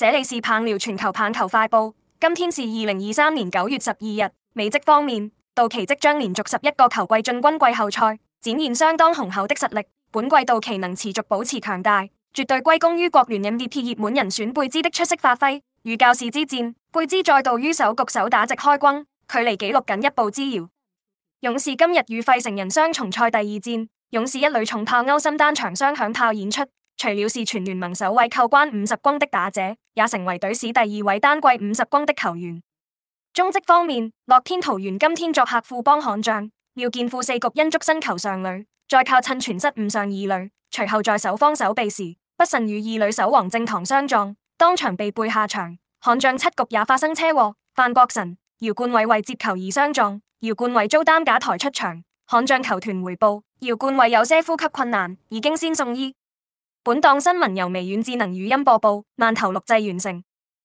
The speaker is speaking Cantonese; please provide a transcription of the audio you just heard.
這裏是棒聊全球棒球快報，今天是二零二三年九月十二日。美職方面，道奇即將連續十一個球季進軍季後賽，展現相當雄厚，厚的實力。本季道奇能持續保持強大，絕對歸功於國聯 MVP 熱門人選貝茲的出色發揮。與教士之戰，貝茲再度於首局首打席開轟，距離紀錄僅一步之遙。勇士今日與費城人雙重賽第二戰，勇士一壘重炮歐心單場雙響炮演出。除了是全聯盟首位扣關五十轟的打者，也成為隊史第二位單季五十轟的球員。中職方面，樂天桃猿今天作客富邦悍將，廖健富四局因觸身球上壘，再靠趁傳失誤上二壘，隨後在守方守備時不慎與二壘守王正堂相撞，當場被背下場。悍將七局也發生車禍，范國臣、姚冠偉為接球而相撞，姚冠偉遭擔架抬出場。悍將球團回報姚冠偉有些呼吸困難，已經先送醫。本檔新聞由微軟智能語音播報，慢投錄製完成。